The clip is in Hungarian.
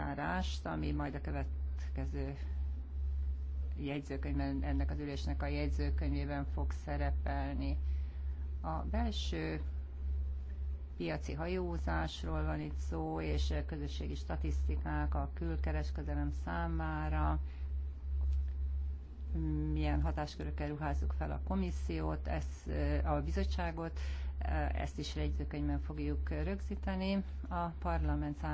eljárást, ami majd a következő jegyzőkönyvben, ennek az ülésnek a jegyzőkönyvében fog szerepelni. A belső piaci hajózásról van itt szó, és közösségi statisztikák a külkereskedelem számára, milyen hatáskörökkel ruházzuk fel a komissziót, ez, a bizottságot, ezt is jegyzőkönyvben fogjuk rögzíteni. A parlament számára